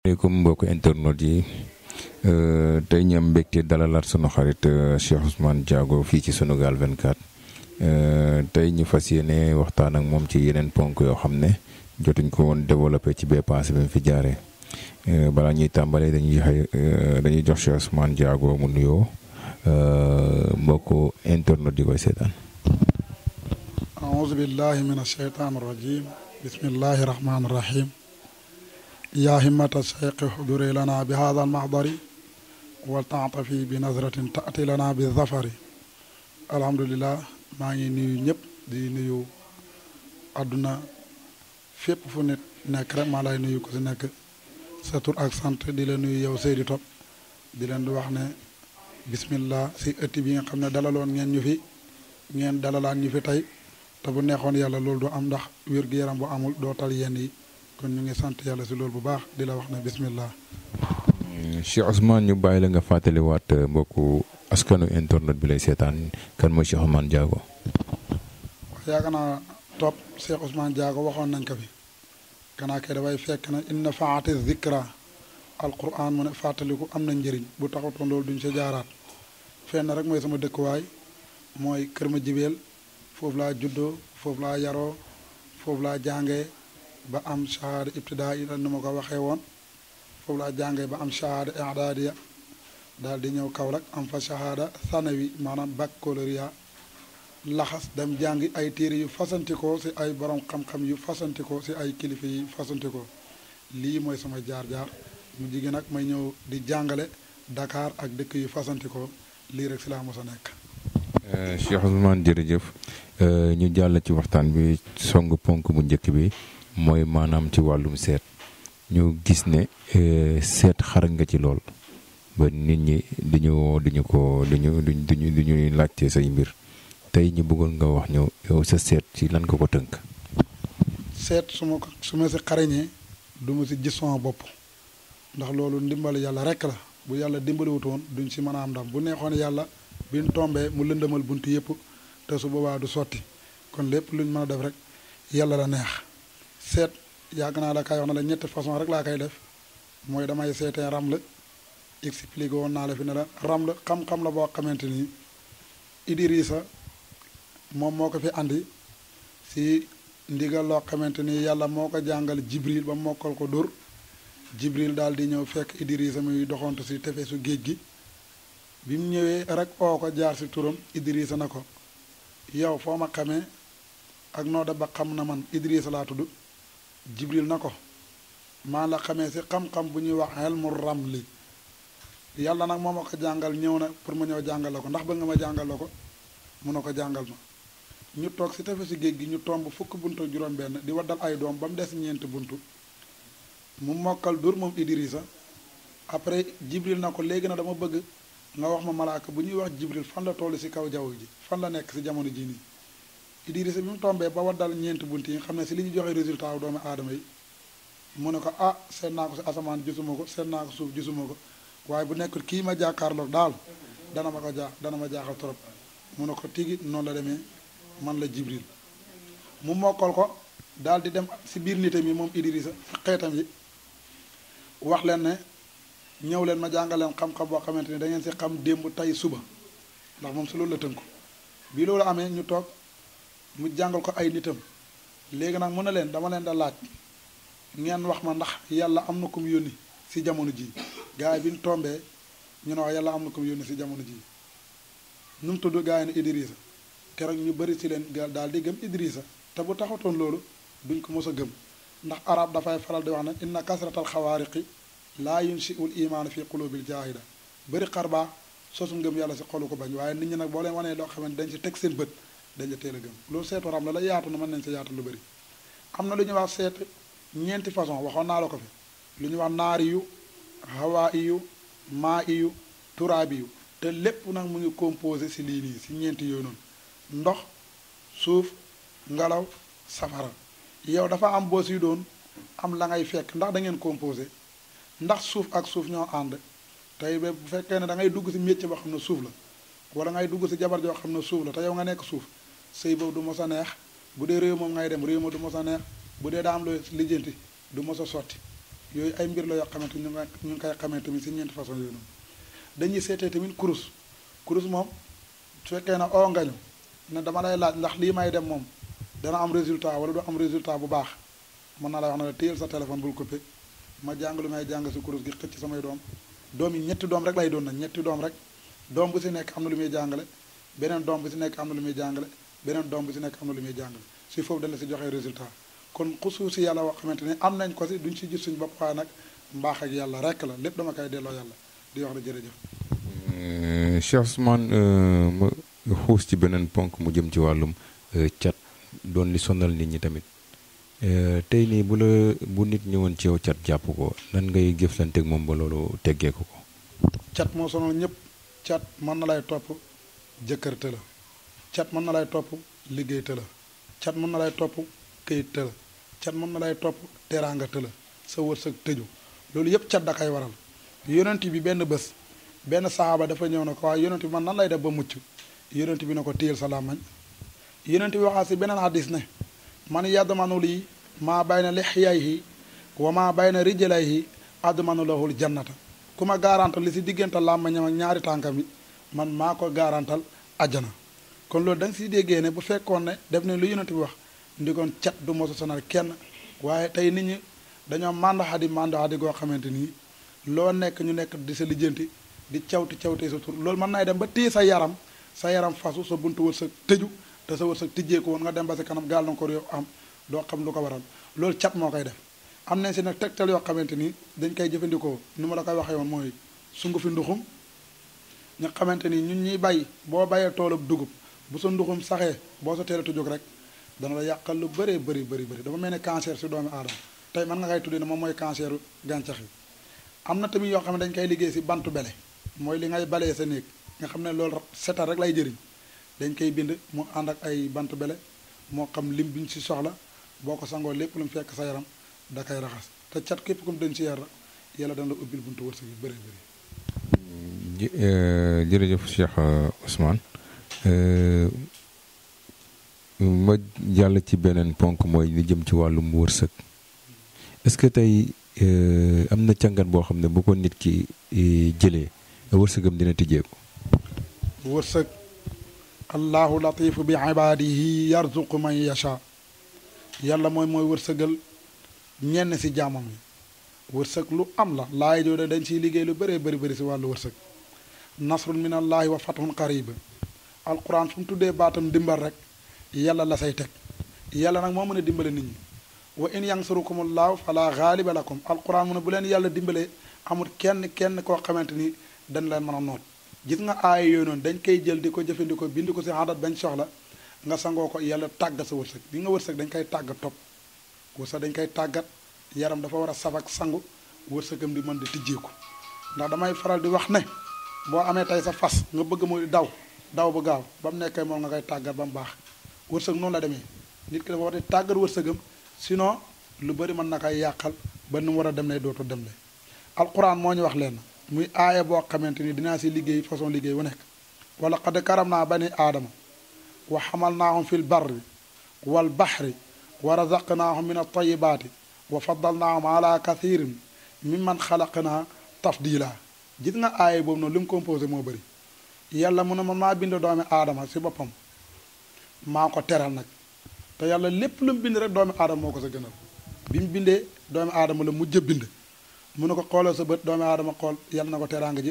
maaleykum mbokk internet yi euh, tey ñam mbégte dalalaat sunu xarit euh, Cheikh Ousmane jaago fii ci Sunugal 24 euh, tey ñu fas yéene waxtaan ak moom ci yeneen ponk yoo xam ne jotuñ ko woon développé ci bee paase bi fi jaaree balaa ñuy tàmbalee dañuy joxe dañuy jox Cheikh Ousmane jaago mu nuyoo mbokk internet yi koy seetaan. aouzu yaa himmata seyqi xuduri lana bi hada almahdari wal taatafi bi nazratin taati lana bi zafari alhamdulilah maa ngi nuyu ñëpp di nuyu àdduna fépp fu nit nekk rek maa lay nuyu ko si nekk sa tur ak sant di la nuyu yow Seydi Top di leen di wax ne bismillah si ëtt bi nga xam ne dalaloon ngeen ñu fi ngeen dalalaan ñu fi tey te bu neexoon yàlla loolu du am ndax wér-gu-yaram bu amul doo tal yenn yi kon ñu ngi sant yàlla si loolu bu baax di la wax na bismillah. Cheikh Ousmane ñu bàyyi la nga waat euh, mbokku askanu internet bi lay seetaan kan mooy Cheikh Ousmane Diago. yaakaar naa topp Cheikh Ousmane Diago waxoon nañ ko fi gannaaw kay dafay fekk na inna faati zikra alquran mu ne fàttaliku am na njëriñ bu taxutoon lool duñ sa jaaraat fenn rek mooy sama dëkkuwaay mooy kër ma jibeel foofu laa juddoo foofu laa yaroo foofu laa jàngee. ba am shahada ibtidaa yi nu ma ko waxee woon foofu laa jàngee ba am shahada i'dadiya daal di ñëw Kaolack am fa shahada sanawi maanaam baccalauréat laxas dem jàngi ay téere yu fasantikoo si ay borom xam-xam yu fasantikoo si ay kilifa yu fasantikoo lii mooy sama jaar-jaar mu jigéen nag may ñëw di jàngale dakaar ak dëkk yu fasantikoo lii rek ci laa mos nekk. Euh, Cheikh Ousmane jërëjëf euh, ñu jàll ci waxtaan bi song ponk bu njëkk bi. mooy maanaam ci wàllum seet ñu gis ne euh, seet xar nga ci lool ba nit ñi diñu diñu ko diñu diñu diñuy laajte say mbir tey ñu bëggoon nga wax ñëw yow sa seet ci lan ko ko tënk seet su ma ko su ma si xarañee duma ma si gis sama bopp ndax loolu ndimbal yàlla rek la bu yàlla dimbaliwutoon duñ si mën a am ndam bu neexoon yàlla biñ tombee mu lëndëmal bunt yëpp te su boobaa du sotti kon lépp luñ mën a def rek yàlla la neex seet yàgg naa la kay wax na la ñetti façon rek laa koy def mooy damay seetee ram la expliqué woon naa la fi ne la ram la xam-xam la boo xamante ni Idrissa moom moo ko fi andi si ndigal loo xamante ni yàlla moo ko jàngal Jibril ba mokkal ko dóor Jibril daal di ñëw fekk Idrissa muy doxantu si tefesu géej gi bi mu ñëwee rek oo ko jaar si turam Idrissa na ko yow foo ma xamee ak noo da ba xam na man Idrissa laa tudd jibril na ko maa la xamee si xam-xam bu ñuy wax xel mu ram li yàlla nag moom ma jàngal ñëw na pour ma ñëw jàngale ko ndax ba nga ma jàngale ko mun na ko jàngal ma ñu toog si tefesu géej gi ñu tomb fukk buntu juróom benn di waddal ay doom ba mu des ñeenti buntu mu mokkal dur moom Idrissa après jibril na ko léegi na dama bëgg nga wax ma malaaka bu ñuy wax jibril fan la toll si kaw jaww ji fan la nekk si jamono ji nii Idrissa bi mu tombee ba waddal ñeenti bunt yi nga xam ne si li ñu résultat wu doomu yi mu ne ko ah seet naa ko si asamaan gisuma ko seet naa ko suuf gisuma ko waaye bu nekkul kii ma jàkkaarloog daal dana ma ko jaax dana ma jaaxal trop mu ne ko tigi noonu la demee man la Jibril mu mokkal ko daal di dem si biir nitam yi moom Idrissa xeetam yi wax leen ne ñëw leen ma jàngaleen xam-xam boo xamante ni da ngeen si xam démb tey suba ndax moom si loolu la tënku bi loolu amee ñu toog. mu jàngal ko ay nitam léegi nag mun ne leen dama leen da laaj ngeen wax ma ndax yàlla am na ku mu yónni si jamono ji gars yi bi ñu tombee ñu ne wax yàlla am na ku mu si jamono ji nu mu tudd gars yi ne Idrissa ñu bari ci leen daal di gëm Idrissa te bu taxatoon loolu duñ ko mos a gëm ndax arab dafay faral di wax ne inna kasratal xawaariqi laa yunsiul imaanu fi qulubil jaahida bëri xarbaa sosu ngëm yàlla si xolu ko bañ waaye nit ñi nag boo leen wanee loo xamante dañ ci teg seen bët dañ la teel a gëm loolu seetu ram la la yaatu na mën nañ sa yaatu lu bëri am na lu ñuy wax seet ñeenti façon waxoon naa la ko fi lu ñuy wax naari yu hawaa iyu maa iyu turaabi yu te lépp nag mu ngi composé si lii nii si ñeenti yooyu ndox suuf ngelaw safara yow dafa am boo si doon am la ngay fekk ndax da ngeen composé ndax suuf ak suuf ñoo ànd tey bu fekkee ne dangay dugg si métier boo xam ne suuf la wala ngay dugg si jabar joo xam ne suuf la te yow nga nekk suuf sëy boobu du mos a neex bu dee réew moom ngay dem réew ma du mos a neex bu dee daa am looy lijjanti du mos a sotti yooyu ay mbir la yoo xamante ñu ngi koy xamee tamit si ñeenti façon yooyu noonu dañuy seetee tamit kurus kurus moom su fekkee na oo ngañu ne dama lay laaj ndax lii may dem moom dana am résultat wala du am résultat bu baax mën naa la wax na la téyel sa téléphone bul coupé ma jàng lu may jàng si kurus gi xëcc samay doom doom yi ñetti doom rek lay doon na ñetti doom rek doom bu si nekk am na lu muy jàngale beneen doom bu si nekk am na lu muy jàngale beneen doom bi si nekk am na lu muy jàngal si foofu dañ la si joxe résultat kon xusuus si yàlla wax xamante ne am nañ ko si duñ si gis suñu bopp waaye nag mbaax ak yàlla rekk la lépp dama kay delloo yàlla di wax na jërëjëf. Euh, Cheikh Ousmane euh, ci beneen ponk mu jëm ci wàllum euh, cat doon li sonal nit ñi tamit tey nii bu la bu nit ñëwoon ci yow cat jàpp ko nan ngay jëflanteeg moom ba loolu teggeeku ko. cat moo sonal ñëpp cat man na lay topp jëkkërte la. cat mën na lay topp liggéey të la cat mën na lay topp këyit la cat mën na lay topp teraanga të la sa wërsëg tëju loolu yëpp cat da koy waral yonent bi benn bés benn saxaaba dafa ñëw na ko waaye yonent bi man nan lay def ba mucc yonent bi ne ko téyel sa làmmañ yonent bi waxaa si beneen hadis ne man yadmanu lii maa bay na lexyayhi wa maa bay na rijalayhi admanu lahul jannata ku ma gaarantal li si diggante làmmañam ak ñaari tànkam yi man maa ko gaarantal ajjana kon loolu dañ nga siy déggee ne bu fekkoon ne def nañ lu yonent bi wax ndikoon cat du mosa sonal kenn waaye tey nit ñi dañoo mandaxadi mandaxadi goo xamante nii loo nekk ñu nekk di sa lijjanti di cawti cawti sa tur loolu mën naay dem ba téye sa yaram sa yaram fasu sa buntu wër sa tëju te sa wër sa tijjee ko woon nga dem ba si kanam gàllankoor yow am doo xam lu ko waral loolu cat moo koy def am nañ si nag tegtal yoo xamante nii dañ koy jëfandikoo ni ma la koy waxee woon mooy sungu fi xamante ni ñun ñuy bay boo bayee toolub dugub bu sa nduxum saxee boo sa teela tu jóg rek dana la yàqal lu bëree bëri bëri bëri dafa mel ne cancer si doomi aadama tey man nga koy tuddee ne moom mooy canceru gàncax yi am na tamit yoo xam ne dañ koy liggéey si bantu bele mooy li ngay balee sa néeg nga xam ne loolu setal rek lay jëriñ dañ koy bind mu ànd ak ay bantu bele moo xam lim bi ñu si soxla boo ko sangoo lépp lu mu fekk sa yaram da koy raxas te cat képp ku mu ci yar la yàlla dana la ubbil buntu wërsëg yu bëree bëri. Euh, jërëjëf Cheikh euh, Ousmane. ma jàll ci beneen ponk mooy li jëm ci wàllum wërsëg est-ce que tey am na càngat boo xam ne bu ko nit ki jëlee wërsëgam dina tijjeeku wërsëg allahu latifu bi ibaadihi yarzuqu man yacha yàlla mooy mooy wërsëgal ñenn si jaamam yi wërsëg lu am la laay jooda dañ ciy liggéey lu bëree bari bari si wàllu wërsëg nasrun min allahi wa fathun qariba alquran fu mu tuddee baatam dimbal rek yàlla la say teg yàlla nag moo mën a dimbale nit ñi wa in yansurukumullaahu fala gaaliba lakum alquran mu ne bu leen yàlla dimbalee amul kenn kenn koo xamante ni dañ leen mën a noot gis nga aaya yooyu dañ koy jël di ko jëfandikoo bind ko si adat bañ soxla nga sangoo ko yàlla tàggat sa wërsëg bi nga wërsëg dañ koy tàggat topp wërsëg dañ koy tàggat yaram dafa war a saf ak sangu wërsëgam di mën di tijjeeku ndax damay faral di wax ne boo amee tey sa fas nga bëgg mu daw daw bu gaaw ba mu nekkee moom nga koy tàggat ba mu baax wërsëg noonu la demee nit ki dafa war di tàggat wërsëgam sinon lu bëri mën na koy yàqal ba nu mu war a dem lay dootul dem lay alquran moo ñu wax leen muy aaya boo xamante ni dinaa si liggéey façon liggéey bu nekk wala qad karam naa bani aadama wa xamal naa fi l barri wal baxri wa razaqnaahum min altayibaati wa faddalnaahum ala kathirin naa xalaqnaa tafdila gis nga aaya boobu noonu li mu composé moo bëri yàlla mu ne man maa bind doomi aadama si boppam maa ko teral nag te yàlla lépp lu mu bind rek doomi aadama moo ko sa gënal bi mu bindee doomi aadama la mujj a bind mu ne ko xoolal sa bët doomi aadama xool yàlla na ko teraanga ji